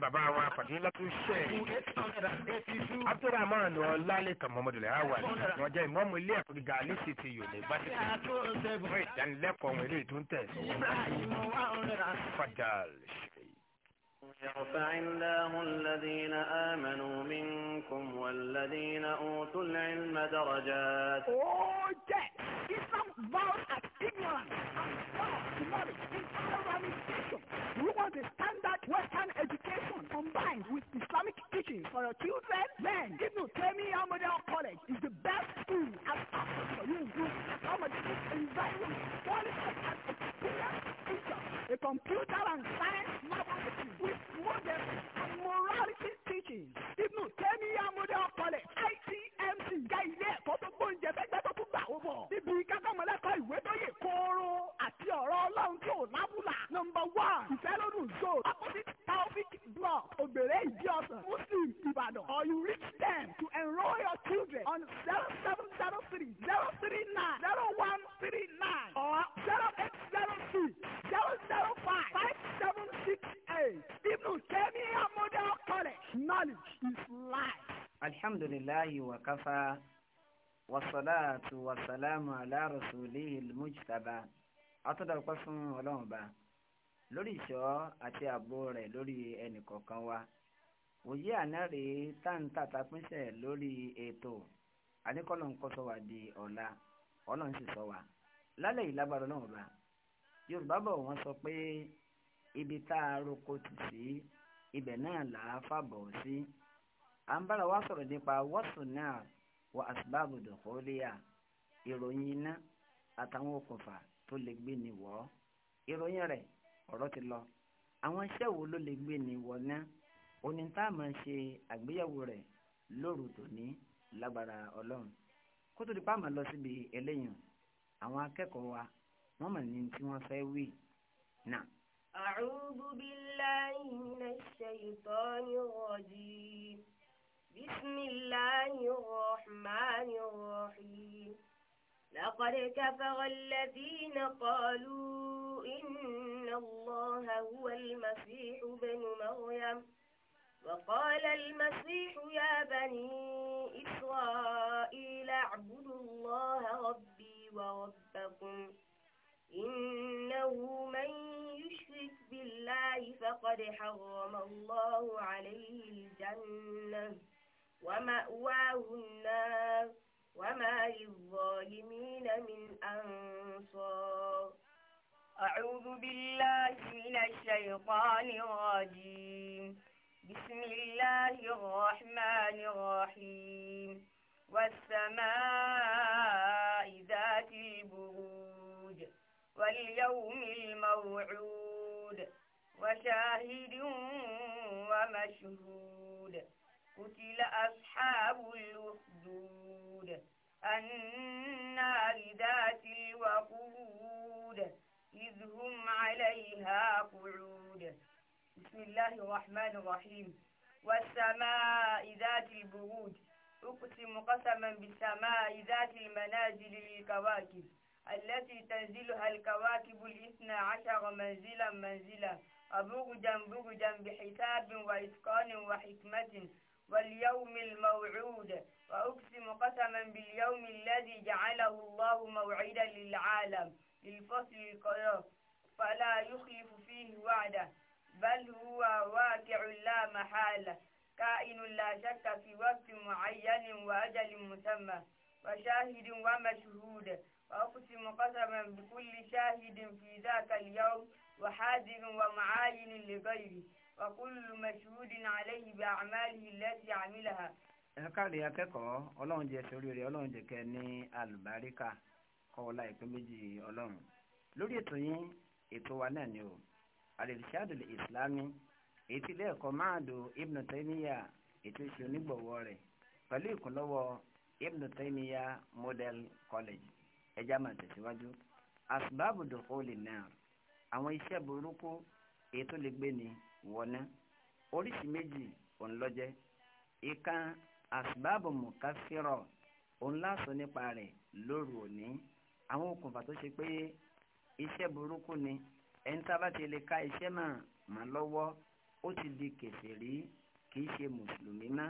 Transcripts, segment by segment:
bàbá wa fàdílátù sheikh abdulrahman ọlálẹ́kan mọ́mọ́dúnlẹ̀ àwà wọn jẹ́ ìmọ̀mù ilé ẹ̀kọ́ gíga alẹ́sì ti yunifásitì fún ìdánilẹ́kọ̀ọ́ wọn eré tó ń tẹ̀ fàdàlì. يرفع الله الذين آمنوا منكم والذين أوتوا العلم درجات. Oh, yes! Islam bows at ignorance and bows to knowledge. combined with Islamic teaching for your children, then Ibn Taymiyyah Model College is the best school as offered for you to accommodate environment, quality and experience, teacher, a computer alhamdulillahi wa kafa wasalaatu wasalaamu ala rasulihi almujtaba atọ́dọ̀pẹ́ fún ọlọ́run ba lórí ìṣọ́ àti ààbò rẹ̀ lórí ẹnìkọ̀ọ̀kan wa òye àná rèé táǹtà tapínsẹ̀ lórí ètò àníkọ́lọ̀ ń kọ́sọ́ wa di ọ̀la ọlọ́run sì sọ wa lálẹ́ yìí lágbára ọlọ́run ba yorùbá bọ̀ wọ́n sọ pé ibi tá a roko tù sí ibẹ̀ náà là á fàbọ̀ sí. Si à ń bára wa sọ̀rọ̀ nípa wọ́sùn náà wọ àsìbáàbò dòkòólíà ìròyìn iná àtàwọn okùnfà tó lè gbé ni wọ́ ìròyìn rẹ̀ ọ̀rọ̀ ti lọ àwọn iṣẹ́ wo ló lè gbé ni wọ́ ná oní tá a máa ṣe àgbéyẹ̀wò rẹ̀ lóru tòní lágbára ọlọ́run kó tó di pa àmà lọ síbi eléyìn àwọn akẹ́kọ̀ọ́ wa wọ́n mọ̀ ní tí wọ́n fẹ́ wí náà. أعوذ بالله من الشيطان الرجيم بسم الله الرحمن الرحيم لقد كفر الذين قالوا إن الله هو المسيح بن مريم وقال المسيح يا بني إسرائيل اعبدوا الله ربي وربكم إنه من يشرك بالله فقد حرم الله عليه الجنة ومأواه النار وما للظالمين من أنصار أعوذ بالله من الشيطان الرجيم بسم الله الرحمن الرحيم والسماء ذات البروج واليوم الموعود وشاهد ومشهود قتل أصحاب الأخدود النار ذات الوقود إذ هم عليها قعود بسم الله الرحمن الرحيم والسماء ذات البرود أقسم قسما بالسماء ذات المنازل للكواكب التي تنزلها الكواكب الاثنى عشر منزلا منزلا أبرجا برجا بحساب وإتقان وحكمة واليوم الموعود وأقسم قسما باليوم الذي جعله الله موعدا للعالم للفصل القيام فلا يخلف فيه وعده بل هو واقع لا محالة كائن لا شك في وقت معين وأجل مسمى وشاهد ومشهود وأقسم قسما بكل شاهد في ذاك اليوم وحاذر ومعاين لغيره وكل مشهود عليه بأعماله التي عملها ẹ káàrí akẹ́kọ̀ọ́ ọlọ́run jẹ́ sórí rẹ̀ ọlọ́run jẹ́ kẹ́ ní alùbáríkà kọ́ọ̀lá ìpín méjì ọlọ́run lórí ètò yín ètò wa náà ni o alìrìṣàdùl ìsìlámì ètò ilé ẹ̀kọ́ máàdù ibn taymiya ètò ìṣe onígbọ̀wọ́ rẹ̀ pẹ̀lú ìkúnlọ́wọ́ ibn taymiya model college ẹja máa tẹ̀síwájú asbábùdókòólì náà àwọn iṣẹ́ burúkú ètò lè gbé ni wọná oríṣi méjì òun lọ́jẹ́ ìkan asbábù mùkásírọ̀ òun láṣọ nípa rẹ̀ lóru òní àwọn okùnfà tó ṣe pé iṣẹ́ burúkú ni ẹni tá a bá ti lè ka iṣẹ́ náà mà lọ́wọ́ ó ti di kèfèrí kìí ṣe mùsùlùmí ná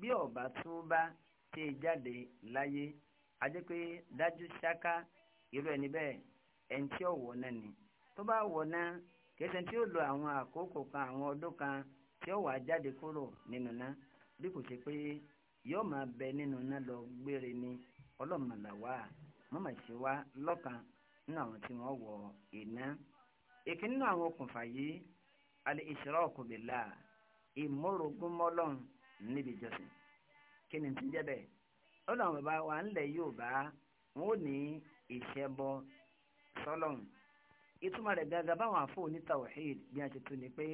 bí ọba tó bá ṣe jáde láyé ajẹ́ pé dájú ṣáká irú ẹni bẹ́ẹ̀ ẹni tí ó wọ̀ náà ni tó bá wọ̀ náà kẹsàn tí ó lo àwọn àkókò kan àwọn ọdún kan tí ó wà jáde kúrò nínú náà bí kò ṣe pé yóò máa bẹ nínú lọ gbére ni ọlọ́mọlàwà mọ́mọ́ ṣe wá lọ́kàn nínú àwọn tí wọ́n wọ iná. ìkíní nínú àwọn okùnfà yìí alẹ́ ìṣòro ọ̀kùnbìlà ìmọ̀rògún mọ́lọ́n níbi ìjọsìn kí ni ti jẹ́ ìtumọ̀ rẹ̀ gangan báwọn afọ ní wahid bí a ti ni pé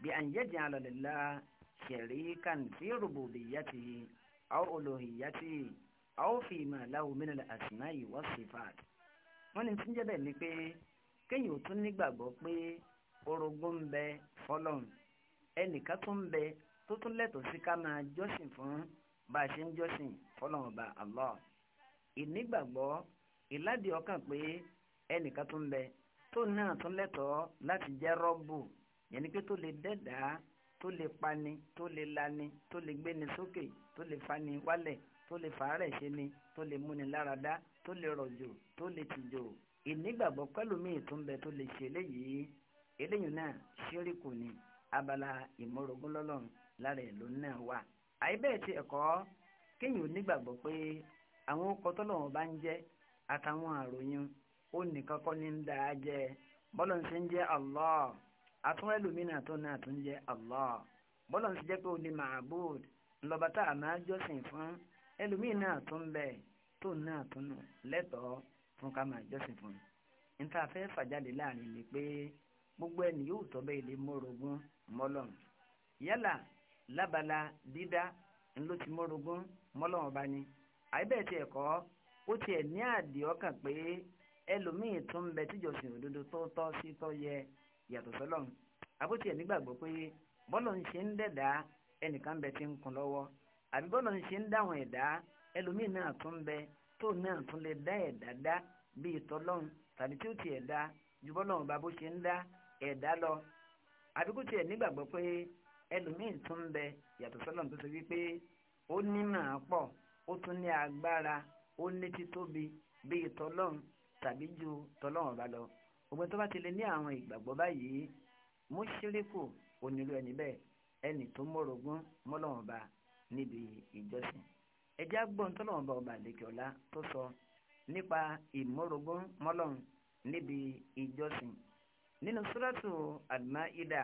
bí a ń yẹ́jẹ̀ ṣẹ̀rí kan sí rububiyyatihi aw aw fima lahu min al-asma'i was-sifat. wọ́n ní tíjẹ́ bẹ́ẹ̀ ni pé kéèyàn ò tún nígbàgbọ́ pé orogún ń bẹ fọlọ́n ẹnìkan tún ń bẹ tó tún lẹ́tọ̀ọ́ sí ká fún bá a ṣe ń jọ́sìn fọlọ́n ọba ìnígbàgbọ́ ọkàn pé ẹnìkan bẹ tó náà tún lẹ́tọ̀ọ́ láti jẹ́ rọ́bù yẹn ni pé tó lè dẹ́dàá tó lè pani tó lè lani tó lè gbéni sókè tó lè fani wálẹ̀ tó lè fàárẹ̀ ṣe ni tó lè múni láradá tó lè rọ̀jò tó lè tìjò ìnígbàgbọ́ pẹ̀lú mi tó bẹ tó lè ṣe eléyìí eléyìí náà ṣíríkù ni abala ìmọ̀rọ̀gún lọ́lọ́run lára ìlú náà wà. àìbẹ́ẹ̀ ti ẹ̀kọ́ kéèyàn onígbàgbọ́ pé àwọn ọkọ̀ tọ́lọ́wọ́n bá ń jẹ́ àtàwọn àròyìn ó nìkan ni ní ń dá a jẹ bọ́lọ̀ ń ṣe ń jẹ́ Allah àtún ẹlòmínà tó náà tún jẹ́ Allah bọ́lọ̀ ń ṣe jẹ́ pé ó ní máa fún ẹlòmínà tó ń bẹ̀ tó náà tún lẹ́tọ̀ọ́ fún ká máa jọ́sìn fún un tá fàjáde láàrin ni pé gbogbo ẹni yóò tọ́ bẹ́ẹ̀ lè mórogún yálà lábala dídá ńlọ ti mórogún ẹlòmíì tó ń bẹ tíjọsìn òdodo tó tọ́ sí tọ́ yẹ yàtọ̀ sọ́lọ́run àbótí ẹ̀ nígbàgbọ́ pé bọ́lọ̀ ń ṣe ń dẹ̀dá ẹnìkan bẹ ti ń kun lọ́wọ́ àbí bọ́lọ̀ ń ṣe ń dáwọn ẹ̀dá ẹlòmíì náà tún bẹ tó náà tún lè dá ẹ̀dá dá bíi tọ́lọ́run tàbí tí ó tiẹ̀ dá ju bọ́lọ̀run bá bó ṣe ń dá ẹ̀dá lọ àbí kó nígbàgbọ́ pé ẹlòmíì tún bẹ yàtọ̀ sọ́lọ́run tó ṣe wípé ó ní màá pọ̀ ó tún ní agbára ó ní títóbi bíi tọ́lọ́run tàbí ju tọlọ́run bá lọ ògbẹ́ tó bá ti lè ní àwọn ìgbàgbọ́ báyìí mùṣírikù onílù ẹni bẹ́ẹ̀ ẹni tó mọ̀rọ̀gún mọ́lọ́run bá níbi ìjọsìn ẹjẹ́ agbọ́n tọ́lọ́run bá ọba àlekè ọ̀la tó sọ nípa ìmọ̀rọ̀gún mọ́lọ́run níbi ìjọsìn nínú sùràtù àlùmáìdà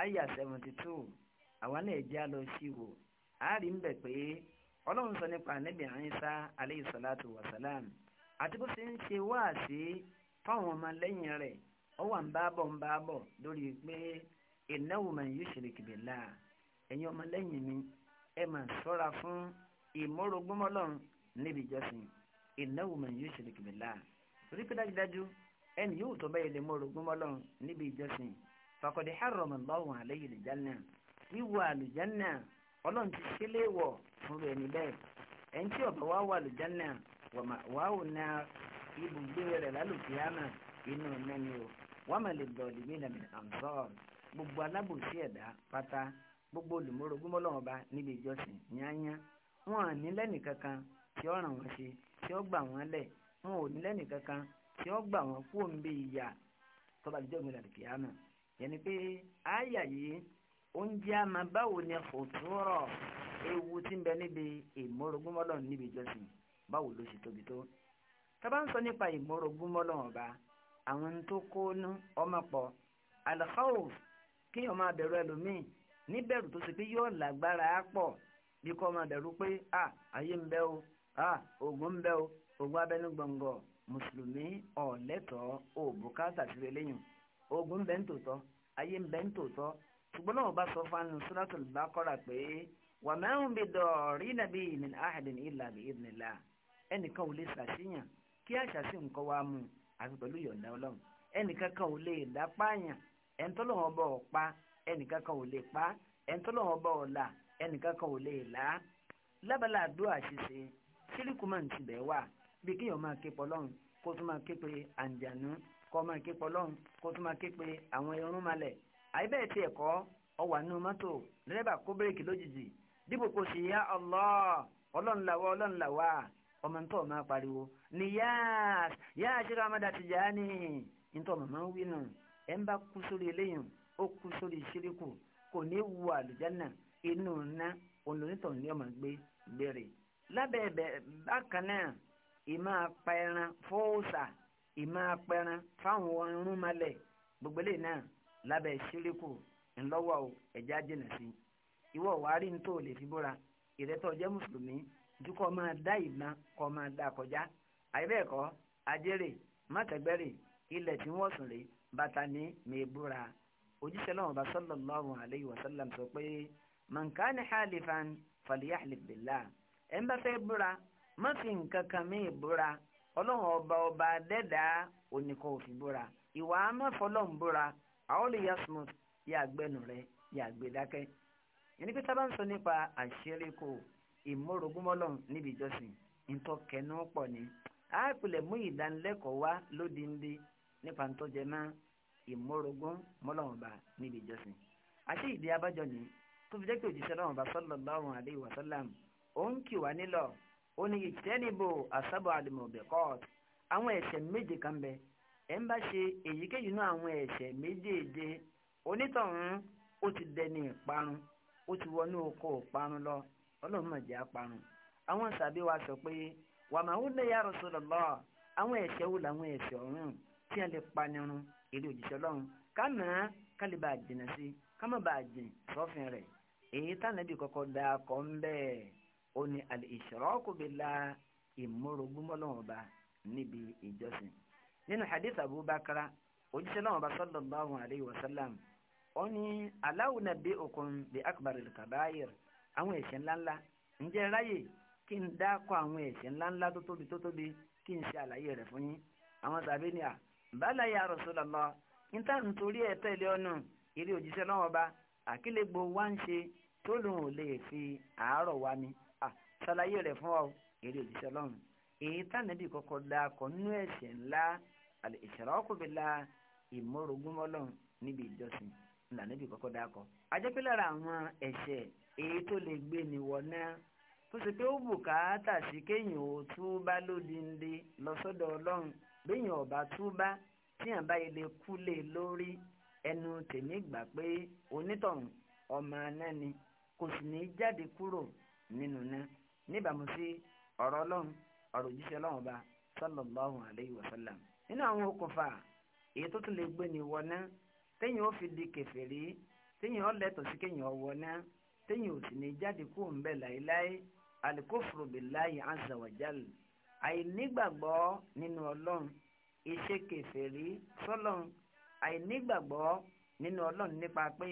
àyà seventy two àwa náà ẹjẹ́ á lọ sí wò á rí ń bẹ̀ pé ọlọ́run sọ nípa ànábì Ìsá alayhi salatu wa salam àti bó ṣe ń ṣe wáàsí fáwọn ọmọ lẹ́yìn rẹ̀ ó wà ń bábọ̀ ń bábọ̀ lórí pé innahu man yushrik billah ẹ̀yin ọmọ lẹ́yìn mi ẹ mà ṣọ́ra fún ìmọ̀rọ̀gbọ́mọlọ́run níbi ìjọsìn innahu man yushrik billah torí pé dájúdájú ẹni yóò tó bẹ́ẹ̀ lè mọ̀rọ̀gbọ́mọlọ́run níbi ìjọsìn faqad harrama Allahu alayhi al-janna wíwọ àlùjánà ọlọ́run ti ṣílẹ̀ wọ̀ fún rẹ̀ níbẹ̀ wàhù náà ibùgbé rẹ̀ lálùkìyàmà inú nẹ́ni o wọ́n mà lè dọ̀lì gbogbo alábòsí ẹ̀dá pátá gbogbo olùmọ̀rògún mọ́lọ́wọ́n bá níbi ìjọsìn yányá wọn à ní lẹ́nì kankan tí ó ràn ṣe tí ó gbà wọ́n lẹ̀ wọn ò ní lẹ́nì kankan tí gbà ìyà tọ́ba yẹni pé àyà yìí báwo ló ṣe tóbi tó tọ́ba ń sọ nípa ìmọ̀rọ̀gbọ́n mọ́lọ́wọ́n bá àwọn tó kó nú ọmọ pọ̀ al-khawf kéèyàn máa bẹ̀rù ẹlòmíì níbẹ̀rù tó ṣe pé yóò lágbára á pọ̀ bí kò máa bẹ̀rù pé à ayé ń bẹ o à oògùn ń bẹ o oògùn abẹ́nú gbọ̀ngọ̀ mùsùlùmí ọ̀lẹ́tọ̀ọ́ òbúkátà sí eléyìn oògùn ń bẹ ń tòótọ́ ayé ń bẹ ń tòótọ́ ṣùgbọ́n náà bá sọ fún un Suratul Baqara pé wa ma hum bi darrina bihi min ahadin ẹnìkan ò lè ṣàṣeyàn kí àṣà sì ń kọ́ wa mú àfi pẹ̀lú yọ̀ǹda ọlọ́run ẹnìkan kan ò lè dá pààyàn ẹ̀ńtọ́lọ́wọ́n bọ̀ pa ẹnìkan kan ò lè pa ẹ̀ńtọ́lọ́wọ́n bọ̀ là ẹnìkan kan ò lè là á lábàlá àdúrà ṣíṣe síríkù máa ń tibẹ̀ wà bí kéèyàn máa ké pọlọ́run kó tún máa ké pe àǹjànú kó máa ké pọlọ́run kó tún máa ké pe àwọn irúnmalẹ̀ àyíbẹ̀ tí ẹ̀kọ́ ọwà ọmọ ntọ́ máa pariwo ni yáàs yáà ṣe ramada Tijani ntọ́ màmá wí nù ẹ̀ ń bá kú sórí eléyìn ó kú sórí ṣíríkù kò ní wu àlùjánà inú ná olùrìntàn ní ọmọ gbé gbére lábẹ́ ẹ̀bẹ̀ bákan náà ìmọ̀ apẹran fóòsà ìmọ̀ apẹran fáwọn irúnmalẹ̀ gbogbo eléyìí náà lábẹ́ ṣíríkù ńlọ́wọ́ ẹ̀já jìnà sí ìwọ wàá rí ní tó lè fi bóra ìrẹ́tọ̀ jẹ́ mùsùlùmí ju kọ́ máa dá ìná kọ́ máa dá kọjá àìbẹ́ẹ̀kọ́ ajẹ́rè mátẹ̀gbẹ́rè ilẹ̀ tí wọ́n sùn rè bàtà ní mẹ́ẹ̀búra òjíṣẹ́ lọ́wọ́ bá sallallahu alayhi wa sallam sọ pé man kana halifan falyahlif billah ẹ̀ ń bá fẹ́ búra má fi nǹkan kan míì búra ọlọ́run ọba ọba dẹ́dàá oníkan òfin búra ìwà amáfọlọ́n búra àọ́lù yasmus yàgbẹ́nu rẹ̀ yàgbẹ́dákẹ́ ẹni pé sábà ń sọ nípa àṣírí kò ìmúrogúnmọ́lọ́n níbi ìjọsìn ntọ́kẹ́nu pọ̀ ni a pìlẹ̀ mú ìdánilẹ́kọ̀ọ́ wá lódindi nípa ntọ́jẹ́mọ́ ìmúrogúnmọ́lọ́nba níbi ìjọsìn àṣé ìdí abájọ ni tó fi jẹ́ pé òjíṣẹ́ lọ́wọ́n bá sallallahu alaihi wasallam ó ń kì wá nílọ ó ní ìtẹ́nibò àsábọ̀ àlùmọ̀bẹ̀kọ́t àwọn ẹ̀ṣẹ̀ méje kan bẹ ẹ̀ ń bá ṣe èyíkéyìí nú àwọn ẹ̀ṣẹ̀ méjèèje onítọ̀hún ó ti dẹni ìparun ó ti wọnú oko ìparun lọ ọlọ́run mà jẹ́ àparun àwọn sàbí wa sọ pé wàmà ó lè ya Rasulullah àwọn ẹ̀ṣẹ̀ wo làwọn ẹ̀ṣẹ̀ ọ̀run tí a lè panirun èdè òjíṣẹ́ ọlọ́run kánà kálí bá jìnà sí kámá bá jìn sọ́fin rẹ̀ èyí tánàbí kọ́kọ́ da kọ́ ń bẹ́ẹ̀ ó ní al-ishraku billah ìmúrogúnmọ́lọ́wọ́ba níbi ìjọsìn nínú hadith abubakar òjíṣẹ́ náà bá sallallahu alayhi wa sallam ó ní aláwùnà bí okun bí akbar al-kabayir àwọn ẹ̀ṣẹ̀ ńláńlá ǹjẹ́ ráyè kí n dákọ̀ àwọn ẹ̀ṣẹ̀ ńláńlá tó tóbi tó tóbi kí n ṣe àlàyé rẹ̀ fún yín àwọn tàbí ni à bala ya Rasulullah tá n torí ẹ̀ tẹ̀lé eré òjíṣẹ́ lọ́wọ́ bá wá ń ṣe tó lòun ò lè fi àárọ̀ wá à ṣàlàyé rẹ̀ fún ọ eré òjíṣẹ́ lọ́run èyí kọ́kọ́ dákọ̀ nínú ńlá al ìmọ̀rògúnmọ́lọ́run níbi ìjọsìn ńlá kọ́kọ́ èyí tó lè gbé nìwọ náà tó ṣe pé ó bùkátà sí kéèyàn ò túbá lódìndé lọ́sọ́dọ̀ ọlọ́run béèyàn ọba túbá tíyàn báyìí lè kú lé e lórí ẹnu tèmi gbà pé onítọ̀hún ọmọ náà ni kò sì ní jáde kúrò nínú náà níbàámu sí ọ̀rọ̀ ọlọ́run ọ̀rọ̀ òjíṣẹ́ ọlọ́run ọba sallallahu alayhi wa sallam nínú àwọn okùnfà èyí tó tún lè gbé ni wọ náà téèyàn ó fi di kèfèrí téèyàn ó lẹ́tọ̀ọ́ sí kéèyàn ó náà téèyàn ò sì ní jáde kúrò ń bẹ̀ láéláé alikófòrò billahi azza wa àìnígbàgbọ́ nínú ọlọ́run iṣẹ́ kẹfẹ́rí sọ́lọ́run àìnígbàgbọ́ nínú ọlọ́run nípa pé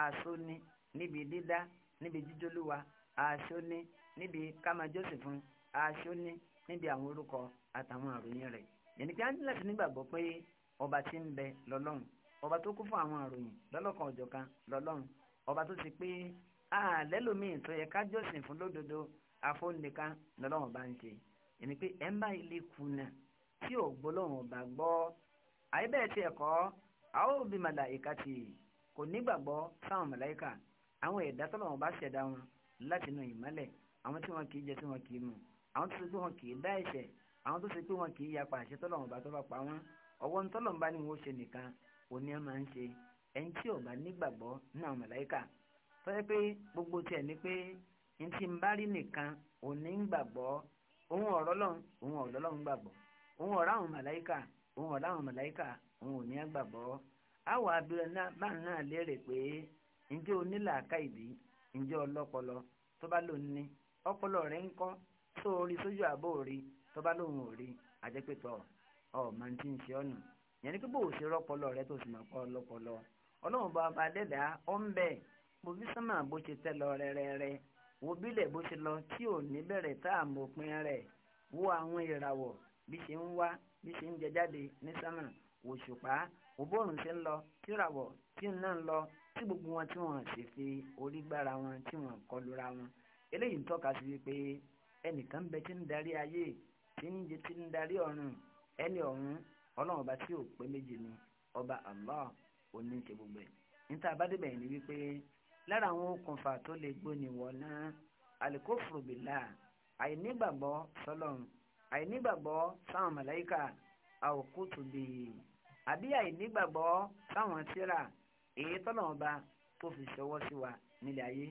àṣọ ni níbi dídá níbi jíjólúwa àṣọ ni níbi káma jọ́sìn fún àṣọ ni níbi àwọn orúkọ àtàwọn àròyìn rẹ̀ yẹnni kí á ní láti nígbàgbọ́ pé ọba tí ń bẹ lọ́lọ́run ọba tó kún fún àwọn àròyìn lọ́lọ́kan ọ̀jọ̀kan lọ́lọ́run ọba tó ti pé àlẹ́ lómi tó yẹ ká jọ́sìn fún lódodo àfọ̀nìkan lọ́lọ́run bá ń ṣe èmi pé ẹ̀ ń bá ilé kùnà tí ò gbólóhùn bá gbọ́ àyẹ́bẹ̀rẹ̀ tiẹ̀ kọ́ àwọn òbí màláìka ti kò nígbàgbọ́ sáwọn màláìka àwọn ẹ̀dá tọ́lọ́run bá ṣẹ̀dá wọn láti inú ìmọ́lẹ̀ àwọn tí wọn kì í jẹ tí wọn kì í mu àwọn tó ṣe pé wọn kì í dá ẹ̀ṣẹ̀ àwọn tó ṣe pé wọn kì í yapa àṣẹ tọ́lọ́run bá tó bá pa wọn ọwọ́ ń tọ́lọ́run bá ní wọn ó ṣe nìkan òní ẹ̀ máa ń ṣe ẹni tí ò bá nígbàgbọ́ ní àwọn màláìka fẹ́ pé gbogbo tiẹ̀ ni pé n ti bá rí nìkan òní ń gbàgbọ́ òun ọ̀rọ̀ lọ́hùn òun ọ̀rọ̀ lọ́hùn gbàgbọ́ òun ọ̀rọ̀ àwọn màláìkà òun ọ̀rọ̀ àwọn òun gbàgbọ́ àwọn abirẹ náà bá náà pé onílàáká ọlọ́pọlọ tó bá ní ọpọlọ rẹ̀ ń kọ́ tó sójú àbó tó bá ò rí máa ti ń ṣe ọ̀nà yẹn pé wo bí sánmà bó ṣe tẹ́ lọ rẹ́rẹ́rẹ́ wo bílẹ̀ bó ṣe lọ tí ò ní bẹ̀rẹ̀ tá à mọ̀pin rẹ̀ wo àwọn ìràwọ̀ bí ṣe ń wá bí ṣe ń jẹ jáde ní sánmà wò ṣùpá wò bóòrùn ṣe ń lọ tí ìràwọ̀ tí ń náà ń lọ tí gbogbo wọn tí wọn sì fi orí gbára wọn tí wọn kọlura wọn eléyìí ń tọ́ka sí wípé ẹnìkan bẹ tí ń darí ayé tí ń jẹ tí ń darí ọ̀run ẹni ọ̀run ọlọ́run ọba tí ò pé méjì ni ọba Allah òní ṣe gbogbo ẹ̀ níta bá débẹ̀ ni wípé lára àwọn okùnfà tó lè gbóni wọ̀ náà alikófòrò bìlà àìnígbàgbọ́ sọlọ́run àìnígbàgbọ́ sáwọn màláíkà àwòkútù bìí àbí àìnígbàgbọ́ sáwọn tírà èyí tọ́lọ́mọba tó fi ṣọwọ́ sí wa nílẹ̀ ayé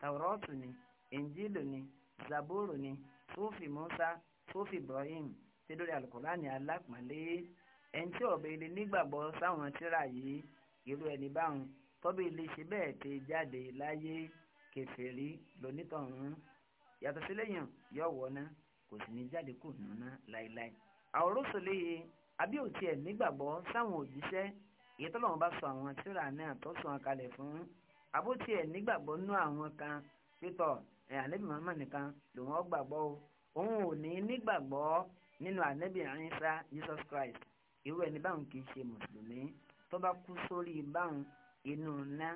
tàwọ́rọ́ọ̀tù ni ẹ̀ǹjílò ni zaburo ni sófì musa sófì ibrahim tí lórí alukurani alápọ̀nlé ẹni tí ọ̀bẹ ilé nígbàgbọ́ sáwọn tírà yìí irú ẹni báwọn tọ́bí ilé ṣe bẹ́ẹ̀ tẹ jáde láyé kèfèrí lónítọ̀hún yàtọ̀ sílẹ̀yìn yóò wọná kò sì ní jáde kù nùnà láéláé. àwòrán sọlẹ̀ yìí àbí òtí ẹ̀ nígbàgbọ́ sáwọn òjíṣẹ́ èyí tọ́lọ́run bá sọ àwọn tírà náà tó sọ wọn kalẹ̀ fún àbótí ẹ̀ nígbàgbọ́ nú àwọn kan pétọ̀ ẹ̀ ànábì màmá nìkan lòun ọ́ gbàgbọ́ o òun ò ní nígbàgbọ́ nínú ànábì Ìsá Jesus Christ irú ẹni báwọn kì í ṣe mùsùlùmí tó bá kú sórí báwọn inú ná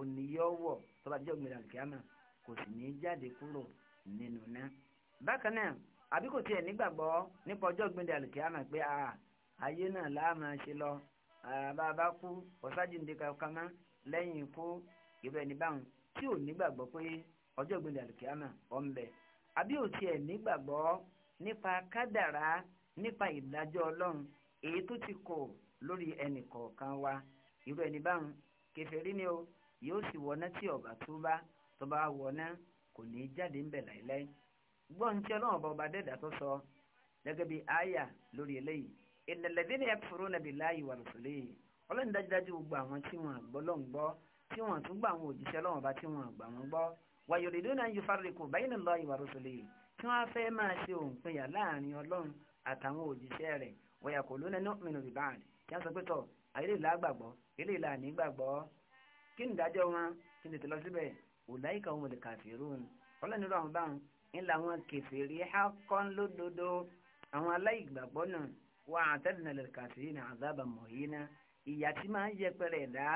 oníyọ́wọ̀ tó bá jẹ́ òmìnira kìámà kò sì ní jáde kúrò nínú ná. bákan náà àbí kò tiẹ̀ a náà láà ṣe lọ bàbá kú ọ̀sájìndé kankan lẹ́yìn ikú ìbẹ̀ níbàrún tí ò nígbàgbọ́ pé ọjọ́ ògbìndẹ̀ àlùkìámà bẹ àbí ò tiẹ̀ nígbàgbọ́ nípa kádàrá nípa ìdájọ́ ọlọ́run èyí tó ti kò lórí ẹnì kọ̀ọ̀kan wa kèfèrí ni o yóò sì wọná tí ọba tó bá tó bá wọná kò ní í jáde ńbẹ láìláì gbọ́n tí ọlọ́run ọba ọba dẹ́dà tó sọ gẹ́gẹ́ bí àyà lórí eléyìí ìnàlẹ́dẹ́ ni yakfuruna billahi wa rusulihi ọlọ́run dájúdájú gbogbo àwọn tí wọ́n gbọ́ lọ́n gbọ́ tí wọ́n tún gbọ́ àwọn òjíṣẹ́ ọlọ́run ọba tí wọ́n gbà wọ́n gbọ́ wa yuriduna an yufarriqu bayna Allahi wa rusulihi tí wọ́n fẹ́ máa ṣe òǹpinya láàrin ọlọ́run àtàwọn òjíṣẹ́ rẹ̀ wa yaquluna nu'minu bi ba'd kí wọ́n sọ pé tọ́ àyè lè lágbàgbọ́ eléyìí là nígbàgbọ́ kí ni ìdájọ́ wọn kí ni tìlọ síbẹ̀ ulaika humul kafirun ọlọ́nirú àwọn báwọn ń la wọn kèfèrí hákọ́n lódodo àwọn aláìgbàgbọ́ náà wà àtẹ́dínà lil kafirina azaban muhina ìyà tí máa ń yẹpẹrẹ ẹ̀dá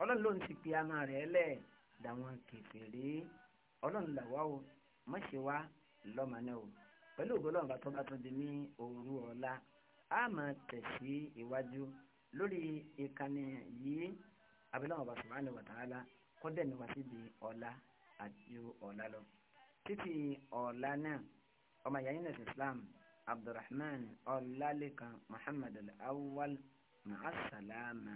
ọlọ́run ló ń ti pe ama rẹ̀ lẹ̀ dàwọn kèfèrí ọlọ́run làwọ́ o má ṣe wá o pẹ̀lú ògbólọ́run bá tó di ní òru ọ̀la máa tẹ̀sí iwájú. lórí ìkànnì yìí abiláwo bá subhanahu wa ta'ala kó dẹ̀ nípa síbi ọ̀la àti ọ̀la lọ. títí ọ̀la náà ọmọ ìyá yín islam abdulrahman ọ̀làlẹ́kan muhammad al-awwal ma'asalama.